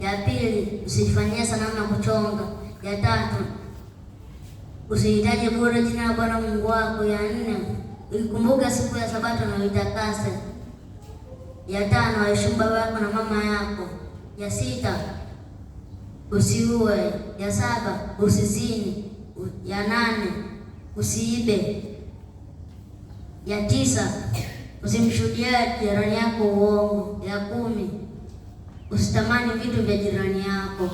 Ya pili, usijifanyie sanamu na kuchonga. Ya tatu, usihitaji bure jina la Bwana Mungu wako. Ya nne, ikumbuke siku ya Sabato na uitakase. Ya tano, waheshimu baba yako na mama yako. Ya sita, usiue. Ya saba, usizini. Ya nane, usiibe. Ya tisa, usimshuhudie jirani yako uongo. Ya kumi usitamani vitu vya jirani yako.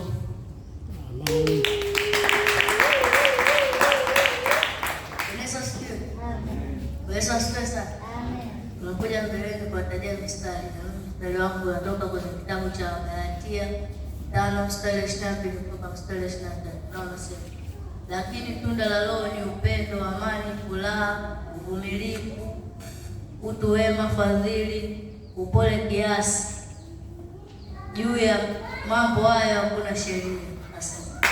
Unakuja mbeleni mistari mstari wangu unatoka kwenye kitabu cha Wagalatia tano mstari wa ishirini na mbili mstari wa ishirini na tatu unaosema lakini tunda la Roho ni upendo, amani, furaha, uvumilivu, utu wema, fadhili, upole, kiasi juu ya mambo hayo hakuna sheria. Asante.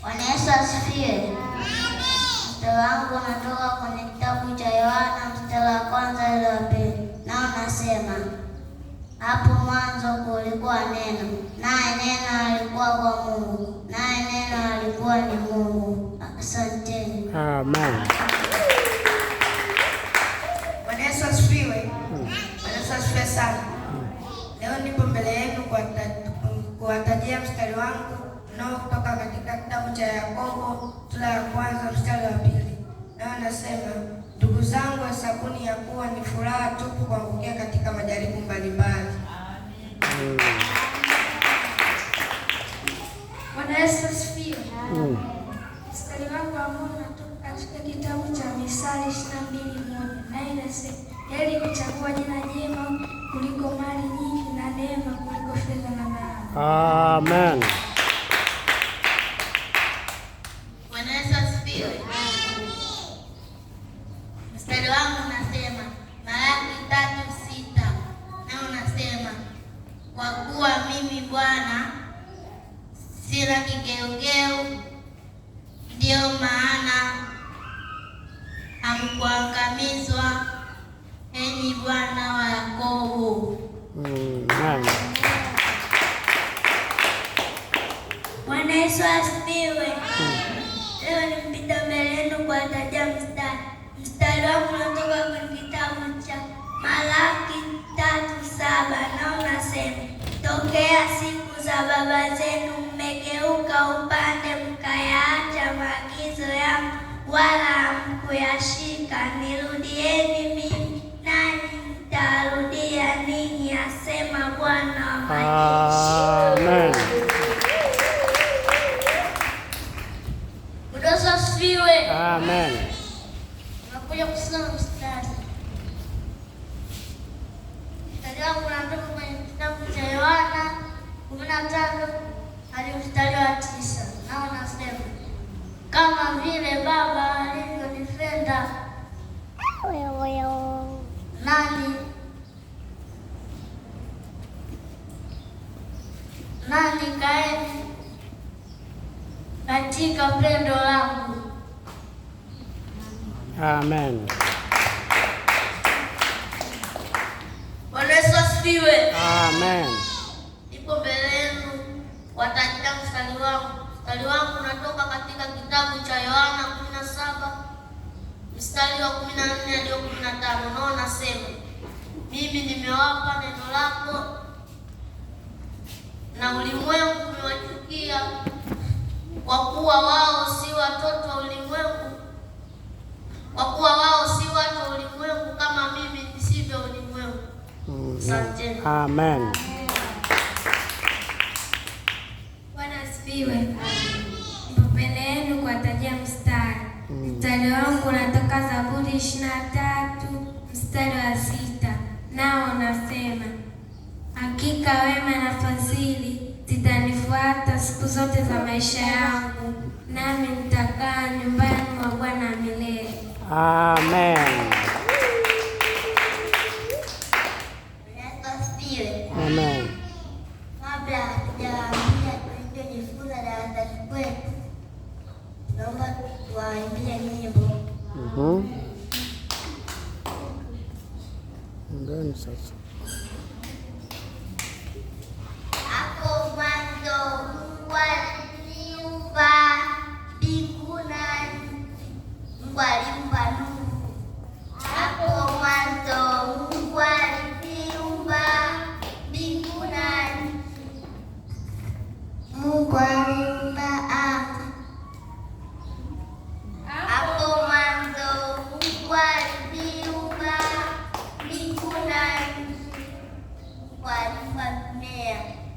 Bwana Yesu asifiwe. Mstari wangu unatoka kwenye kitabu cha Yohana mstari wa kwanza ile wa pili, na unasema hapo mwanzo kulikuwa neno, naye neno alikuwa kwa Mungu, naye neno alikuwa ni Mungu. Asanteni. Amen. cha Yakobo sura ya kwanza mstari wa pili nayo anasema, ndugu zangu, hesabuni ya kuwa ni furaha tupu kuangukia katika majaribu mbalimbali. Bwana Yesu asifiwe. Mm. Mstari wangu wa ambao natoka katika kitabu cha Misali 22:1 naye inasema, heri kuchagua jina jema kuliko mali nyingi na neema kuliko fedha na dhahabu. Amen. kigeugeu, ndiyo maana hamkuangamizwa, enyi Bwana wa wala hamkuyashika. Nirudieni mimi, nani nitarudia ninyi? Asema Bwana wa majeshi. Amen. Mdoso Amen. Nakuja kusoma mstari katika, kuna ndugu kwenye kitabu cha Yohana kumi na tano hadi mstari wa tisa nao nasema kama vile Baba 보여요. nani kae katika pendo langu. Amen. Bwana Yesu asifiwe. Amen. mbele yenu mstari wangu. Mstari wangu natoka katika kitabu cha Yohana 17 mstari wa kumi na nne hadi wa kumi na tano nao nasema, mimi nimewapa neno lako na ulimwengu umewachukia, kwa kuwa wao si watoto wa ulimwengu, kwa kuwa wao si watu wa ulimwengu kama mimi nisivyo ulimwengu. Asanteni. Amen. Bwana asifiwe. Mapende yenu kuwatajia mstari mm. mstari wangu na ishirini na tatu mstari wa sita nao unasema hakika wema na fadhili zitanifuata siku zote za maisha yangu, nami nitakaa nyumbani mwa Bwana milele. Amen. Amen. Kabla anos, Yeah.